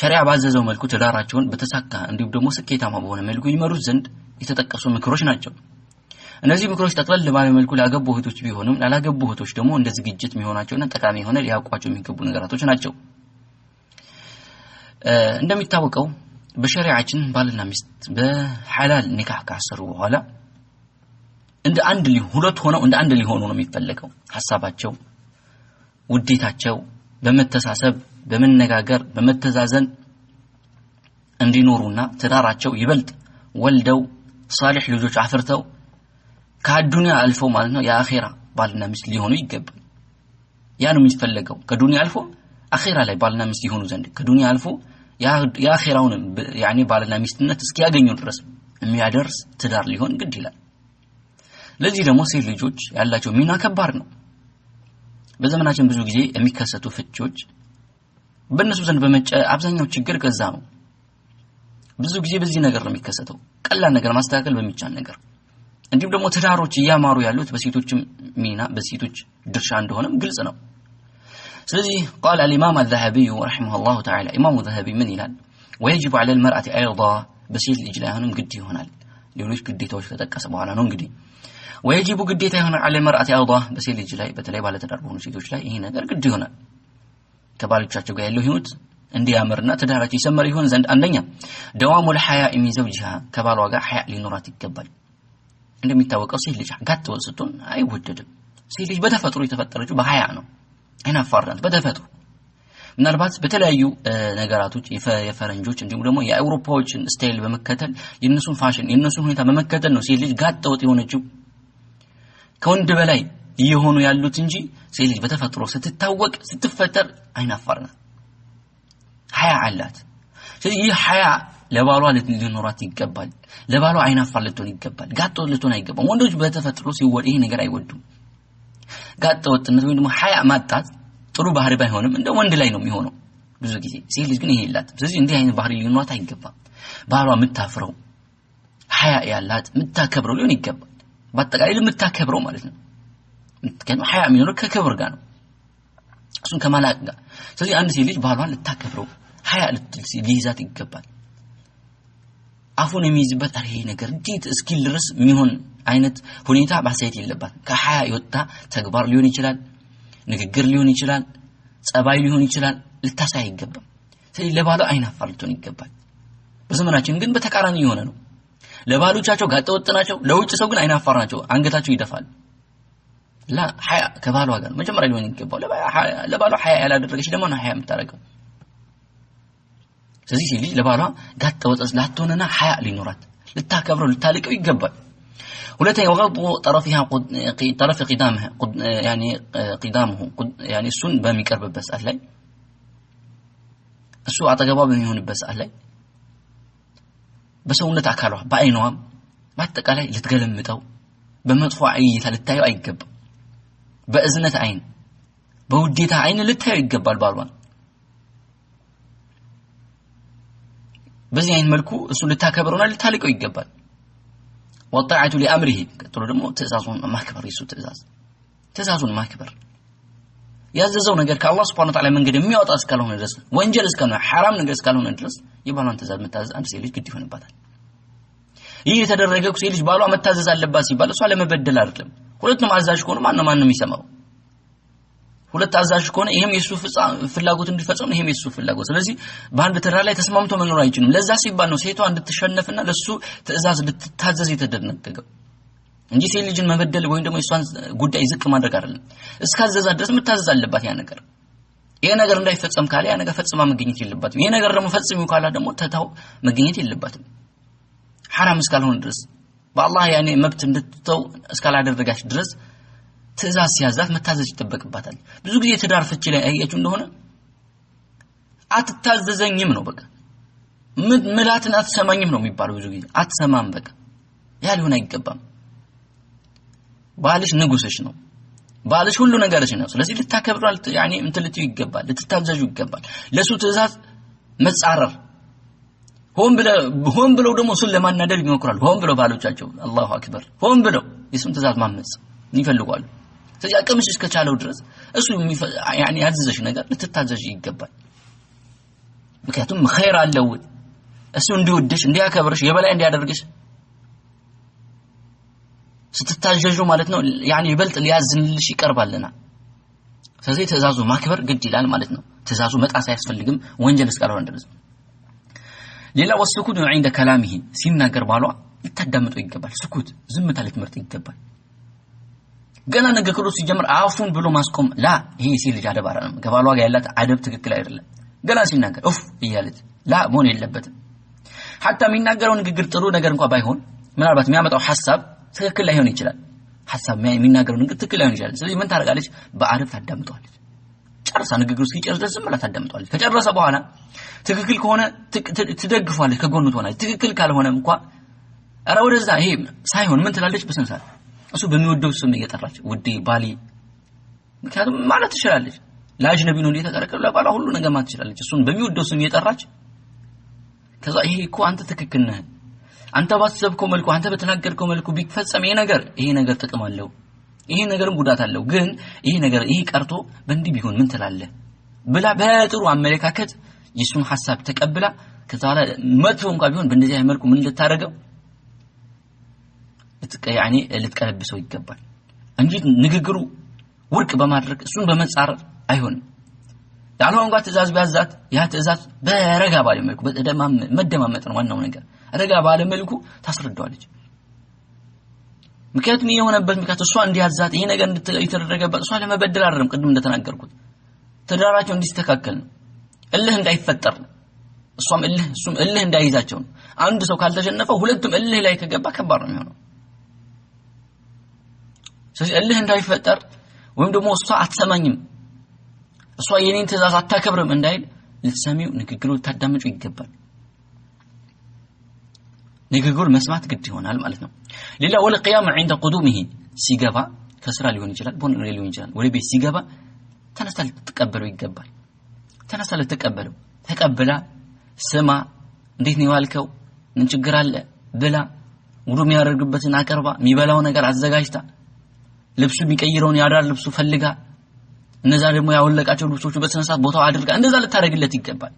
ሸሪያ ባዘዘው መልኩ ትዳራቸውን በተሳካ እንዲሁም ደግሞ ስኬታማ በሆነ መልኩ ይመሩት ዘንድ የተጠቀሱ ምክሮች ናቸው። እነዚህ ምክሮች ጠቅለል ባለ መልኩ ላገቡ እህቶች ቢሆንም ላላገቡ እህቶች ደግሞ እንደ ዝግጅት የሚሆናቸውና ጠቃሚ የሆነ ሊያውቋቸው የሚገቡ ነገራቶች ናቸው። እንደሚታወቀው በሸሪዓችን ባልና ሚስት በሐላል ኒካህ ካሰሩ በኋላ እንደ አንድ ሁለት ሆነው እንደ አንድ ሊሆኑ ነው የሚፈለገው። ሀሳባቸው፣ ውዴታቸው በመተሳሰብ በመነጋገር በመተዛዘን እንዲኖሩና ትዳራቸው ይበልጥ ወልደው ሳሊሕ ልጆች አፍርተው ከአዱኒያ አልፈው ማለት ነው የአኼራ ባልና ሚስት ሊሆኑ ይገባል። ያ ነው የሚፈለገው። ከዱኒያ አልፎ አኼራ ላይ ባልና ሚስት ሊሆኑ ዘንድ ከዱኒያ አልፎ የአኼራውን ያኔ ባልና ሚስትነት እስኪያገኙ ድረስ የሚያደርስ ትዳር ሊሆን ግድ ይላል። ለዚህ ደግሞ ሴት ልጆች ያላቸው ሚና ከባድ ነው። በዘመናችን ብዙ ጊዜ የሚከሰቱ ፍቺዎች بالنسبة زن بمنج أبزني وتشجر كزامو بزوج زي بزي نجار لما يكسته كلا نجار ما استأكل بمنجان نجار أنت بدل ما تدارو تيا مارو يالو تبسي توش مينا بسي توش درشان دهونم قلصنا سلزي قال الإمام الذهبي رحمه الله تعالى إمام الذهبي من يلان ويجب على المرأة أيضا بسي الإجلاهنم قدي هنا ليونش قدي توش كتك كسبوا على نون قدي ويجب قديته هنا على المرأة أيضا بسي الإجلاه بتلاقي بالتدربون سيدوش لا هنا قدي هنا ከባሎቻቸው ጋር ያለው ህይወት እንዲያምርና ትዳራቸው ይሰመር ይሆን ዘንድ አንደኛ ደዋሙል ሐያ ሚን ዘውጅሃ ከባሏ ጋር ሐያ ሊኖራት ይገባል። እንደሚታወቀው ሴት ልጅ ጋጥ ወጥ ስትሆን አይወደድም። ሴት ልጅ በተፈጥሮ የተፈጠረችው በሀያ ነው። አይን አፋር ናት በተፈጥሮ ምናልባት በተለያዩ ነገራቶች የፈረንጆች እንዲሁም ደግሞ የአውሮፓዎችን ስታይል በመከተል የእነሱን ፋሽን የእነሱን ሁኔታ በመከተል ነው ሴት ልጅ ጋጠወጥ የሆነችው ከወንድ በላይ يهونو يالو تنجي سيليج بتفترو ستتوق ستفتر اينا فرنا حياة علات سيدي إيه حياة لبالو عالت لنورات يقبل لبالو عينا فرلتون يقبل قاتو لتون يقبل وندوج بتفترو سيوال إيه نقرأ يودو قاتو التنسوين دمو حياة ماتات ترو بحري بايهونم اندو وندلينو ميهونو بزو كيسي سيليج بني هي اللات بسيسي اندي هين بحري لنورات يقبل بالو متافرو حياة يالات متاكبرو ليون يقبل باتقاليل متاكبرو مالتنو ምትቀን ሀያ የሚኖረው ከክብር ጋር ነው እሱን ከማላቅ ጋር ስለዚህ አንድ ሴት ልጅ ባህሏን ልታከብረው ሀያ ሊይዛት ይገባል አፉን የሚይዝበት አረ ይሄ ነገር እንዴት እስኪል ድረስ የሚሆን አይነት ሁኔታ ማሳየት የለባት ከሀያ የወጣ ተግባር ሊሆን ይችላል ንግግር ሊሆን ይችላል ጸባይ ሊሆን ይችላል ልታሳይ አይገባም ስለዚህ ለባሉ አይናፋር ልትሆን ይገባል በዘመናችን ግን በተቃራኒ የሆነ ነው ለባሎቻቸው ጋጠወጥ ናቸው ለውጭ ሰው ግን አይናፋር ናቸው አንገታቸው ይደፋል لا حياء كبار وقال ما جمر الوين يقبل لا بالو حياء لا درج شيء دمنا حياء متارك سيزي شيء لي لبالو قط وتس لا تونا حياء لنورات لتاكبروا لتالقوا يقبل ولا تي وغض طرفها قد طرف قدامها قد يعني قدامه قد يعني السن بام يقرب بس اهل لي السو اعطى جواب يهون بس اهل لي بس هو نتاكلوا بعينهم ما تقال لي لتغلمطوا بمطفو عيته لتايو اي يقبل በእዝነት አይን በውዴታ አይን ልታየው ይገባል ባሏን በዚህ አይነት መልኩ እሱ ልታከብረውና ልታልቀው ይገባል ወጣዓቱ ሊአምሪሂ ቀጥሎ ደግሞ ትእዛዙን ማክበር የሱ ትእዛዝ ትእዛዙን ማክበር ያዘዘው ነገር ከአላህ ስብሐ ወተዓላ መንገድ የሚያወጣ እስካልሆነ ድረስ ወንጀል እስካልሆነ ሐራም ነገር እስካልሆነ ድረስ የባሏን ትእዛዝ መታዘዝ አንድ ሴት ልጅ ግድ ይሆንባታል ይህ የተደረገ ሴት ልጅ ባሏ መታዘዝ አለባት ሲባል እሷ ለመበደል አይደለም ሁለቱም አዛዥ ከሆኑ ማን ማን ነው የሚሰማው ሁለት አዛዥ ከሆነ ይሄም የሱ ፍላጎት እንዲፈጸም ይሄም የሱ ፍላጎት ስለዚህ በአንድ ተራ ላይ ተስማምቶ መኖር አይችልም ለዛ ሲባል ነው ሴቷ እንድትሸነፍና ለሱ ትዕዛዝ እንድትታዘዝ የተደነገገው እንጂ ሴት ልጅን መበደል ወይም ደግሞ የሷን ጉዳይ ዝቅ ማድረግ አይደለም እስካዘዛ ድረስ መታዘዝ አለባት ያ ነገር ይሄ ነገር እንዳይፈጸም ካለ ያ ነገር ፈጽማ መገኘት የለባትም ይሄ ነገር ደግሞ ፈጽሚው ካለ ደግሞ ተታው መገኘት የለባትም ሐራም እስካልሆነ ድረስ በአላህ ያኔ መብት እንድትተው እስካላደረጋች ድረስ ትእዛዝ ሲያዛት መታዘዝ ይጠበቅባታል ብዙ ጊዜ ትዳር ፍቺ ላይ አያችሁ እንደሆነ አትታዘዘኝም ነው በቃ ምላትን አትሰማኝም ነው የሚባለው ብዙ ጊዜ አትሰማም በቃ ያ ሊሆን አይገባም ባልሽ ንጉስሽ ነው ባልሽ ሁሉ ነገርሽ ነው ስለዚህ ልታከብሯል ያኔ እንትን ይገባል ልትታዘዡ ይገባል ለሱ ትእዛዝ መጻረር ሆን ብለው ደግሞ እሱን ለማናደድ ይሞክራሉ። ሆን ብለው ባሎቻቸው አላሁ አክበር፣ ሆን ብለው የሱን ትእዛዝ ማመጽ ይፈልጓሉ። ስለዚህ አቅምሽ እስከቻለው ድረስ እሱ ያዘዘሽ ነገር ልትታዘዥ ይገባል። ምክንያቱም ኸይር አለው እሱ እንዲወድሽ እንዲያከብርሽ የበላይ እንዲያደርግሽ ስትታዘዡ ማለት ነው ያኔ ይበልጥ ሊያዝንልሽ ይቀርባልና ስለዚህ ትእዛዙ ማክበር ግድ ይላል ማለት ነው። ትእዛዙ መጣስ አያስፈልግም ወንጀል እስካልሆነ ድረስ ሌላ ወስኩት ነው عند كلامه ሲናገር ባሏ ልታዳምጠው ይገባል። ስኩት ዝምታ ልትመርጥ ይገባል። ገና ንግግሩ ሲጀምር አፉን ብሎ ማስቆም ላ ይሄ የሴት ልጅ አደብ አይደለም። ከባሏ ጋር ያላት አደብ ትክክል አይደለም። ገና ሲናገር ኡፍ እያለች ላ መሆን የለበትም። ሐታ የሚናገረው ንግግር ጥሩ ነገር እንኳ ባይሆን ምናልባት የሚያመጣው ሐሳብ ትክክል ላይሆን ይችላል። ሐሳብ የሚናገረው ንግግር ትክክል ላይሆን ይችላል። ስለዚህ ምን ታደርጋለች? በአደብ ታዳምጠዋለች። ጨርሳ ንግግሩ እስኪጨርስ ደስ ብላ ታዳምጧለች። ከጨረሰ በኋላ ትክክል ከሆነ ትደግፏለች፣ ከጎኑ ትሆናለች። ትክክል ካልሆነ እንኳ ኧረ ወደዛ ይሄ ሳይሆን ምን ትላለች? በስንት እሱ በሚወደው ስም እየጠራች ውዴ፣ ባሊ ምክንያቱም ማለት ትችላለች። ለአጅነቢ ነው እንደተቀረቀለ ለባላ ሁሉ ነገር ማለት ትችላለች። እሱን በሚወደው ስም እየጠራች ከዛ ይሄ እኮ አንተ ትክክል ነህ፣ አንተ ባሰብከው መልኩ፣ አንተ በተናገርከው መልኩ ቢፈጸም ይሄ ነገር ይሄ ነገር ጥቅም አለው ይሄ ነገርም ጉዳት አለው። ግን ይሄ ነገር ይሄ ቀርቶ በእንዲህ ቢሆን ምን ትላለህ ብላ በጥሩ አመለካከት የሱን ሐሳብ ተቀብላ ከዛ በኋላ መጥፎ እንኳን ቢሆን በእንደዚህ መልኩ ምን ልታደርገው ያኔ ልትቀለብሰው ይገባል እንጂ ንግግሩ ውድቅ በማድረግ እሱን በመጻረር አይሆንም። ያልሆነ እንኳ ትእዛዝ ቢያዛት ያ ትእዛዝ በረጋ ባለ መልኩ መደማመጥ ነው ዋናው ነገር። ረጋ ባለ መልኩ ታስረዳዋለች። ምክንያቱም የሆነበት ምክንያት እሷ እንዲያዛት ይሄ ነገር የተደረገበት እሷ ለመበደል አይደለም ቅድም እንደተናገርኩት ትዳራቸው እንዲስተካከል ነው እልህ እንዳይፈጠር ነው እሷም እልህ እሱም እልህ እንዳይይዛቸው ነው አንድ ሰው ካልተሸነፈ ሁለቱም እልህ ላይ ከገባ ከባድ ነው የሚሆነው ስለዚህ እልህ እንዳይፈጠር ወይም ደግሞ እሷ አትሰማኝም እሷ የኔን ትእዛዝ አታከብርም እንዳይል ልትሰሚው ንግግሩ ልታዳምጩ ይገባል ንግግር መስማት ግድ ይሆናል ማለት ነው ሌላ ወልቅያም ዒንደ ቁዱሚሂ ሲገባ ከስራ ሊሆን ይችላል ቦን ሊሆን ይችላል ወደ ቤት ሲገባ ተነስታ ልትቀበለው ይገባል ተነስታ ልትቀበለው ተቀብላ ስማ እንዴት ነው ያልከው ምን ችግር አለ ብላ ውዱ የሚያደርግበትን አቀርባ የሚበላው ነገር አዘጋጅታ ልብሱ የሚቀይረውን ያዳር ልብሱ ፈልጋ እነዛ ደግሞ ያወለቃቸው ልብሶቹ በስነስርዓት ቦታው አድርጋ እንደዛ ልታደርግለት ይገባል